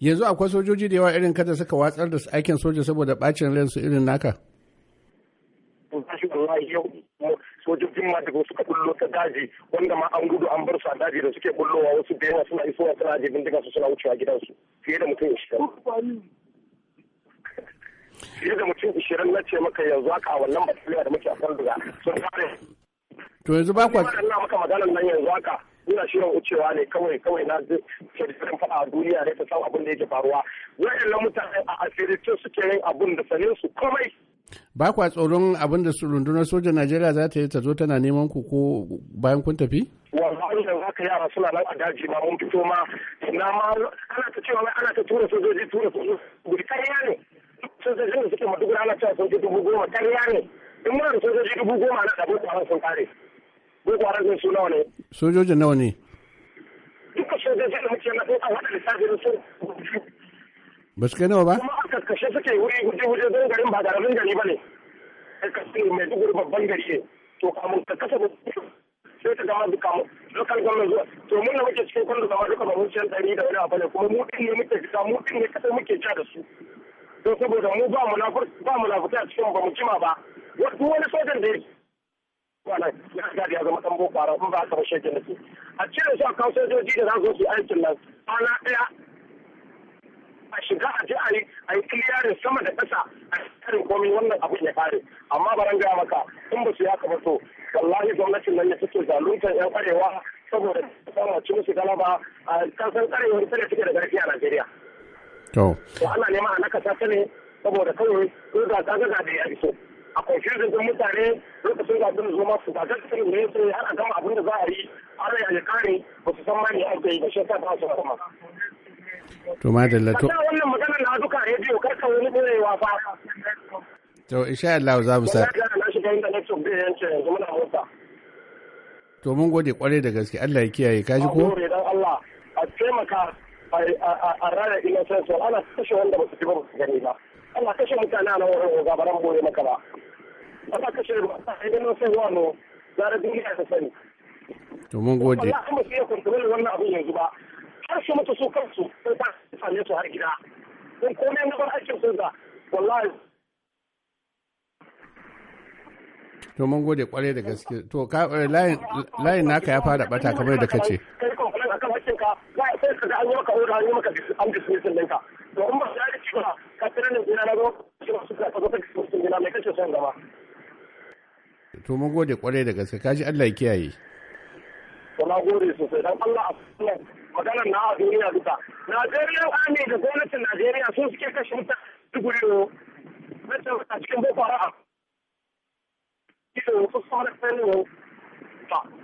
yanzu akwai sojoji da yawa irin kada suka watsar da aikin soja saboda bacin su irin naka sojojin ma daga suka bullo ta daji wanda ma an gudu an bar su a daji da suke bullowa wasu da yawa suna isowa suna ajiye bindiga su suna wucewa gidansu fiye da mutum ishirin fiye da mutum ishirin na ce maka yanzu haka wannan bataliya da muke a kan duga sun fara to yanzu ba kwa maka maganar nan yanzu haka ina shirin wucewa ne kawai kawai na ji fada a duniya ne ta san abin da yake faruwa na mutane a asiri tun suke yin abin da sanin su komai ba kwa tsoron abin da rundunar sojan najeriya za ta yi ta zo tana neman ku ko bayan kun tafi wallahi yanzu haka yara suna nan a daji ma mun fito ma na ma ana ta cewa wai ana ta tura sojoji tura sojoji guri kariya ne Sojoji da suke madugura ana cewa sojoji dubu goma kariya ne in muna da sojoji dubu goma na da boko sun kare ko kwaran su nawa ne sojojin nawa ne duka sojojin da muke na ko kan waɗanda sojojin sun ba su kai nawa ba kuma aka kashe suke wuri guje guje don garin ba garamin gari ba ne ka sai mai dubur babban gari ne to kamun ka kasa sai ta gama duka mu Lokal gwamnan zuwa to mun da muke cikin kwando zama duka ba mun ciyar ɗari da wani abu ne kuma mu ɗin ne muke fita mu ɗin ne kasai muke ja da su to saboda mu ba mu na fita a cikin ba mu jima ba duk wani sojan da yake wannan ya gadi ya zama dan boko haram in ba haka ba shege a cire su a kawo sojoji da za su yi aikin nan kwana ɗaya a shiga a a yi a yi kiliyarin sama da ƙasa a karin komai wannan abu ya kare amma baran gaya maka in ba su ya kaba to wallahi gwamnatin nan ya fito zaluntar yan arewa saboda sama ci musu galaba a kasan arewa ita da take da ƙarfi a Najeriya. To. ana neman a nakasa ta ne saboda kawai ko da ga da ya iso. a confusion din mutane lokacin da abin zo masu ba gaskiya ne sai har a gama abin da za a yi har ya kare ba su san ma ne aka yi ba shi ta ba su kuma to lato. to wannan magana na duka rediyo kar ka wani borewa fa to insha Allah za mu sa to mun gode kwarai da gaske Allah ya kiyaye kaji ko Allah a taimaka a rana innocence ana kashe wanda ba su ji ba su gani ba ana kashe mutane a nan wurin ran bore maka ba ana kashe ruwa idan na sai wano gara duniya ta sani to mun gode Allah kuma sai ya kontrol wannan abun yanzu ba har su mutu su kansu sai ta same su har gida sai komai na bar aikin sun da wallahi to mun gode kwarai da gaske to eh, layin naka ya fara bata kamar da kace kai komplain akan hakkinka ba sai ka ga an yi maka order an yi maka an dismissal ɗinka to in ba ka yi ba ka tsira ne na ga wasu ka zo ka dismissal ɗina mai kace son gaba To mun gode kwarai da gaske kaji Allah ya kiyaye. Kuma gode sosai dan Allah a maganar na a duniya duka. Najeriya ne da gwamnatin Najeriya sun suke kashe mutane a cikin boko haram. Ido wasu fara sanin ba.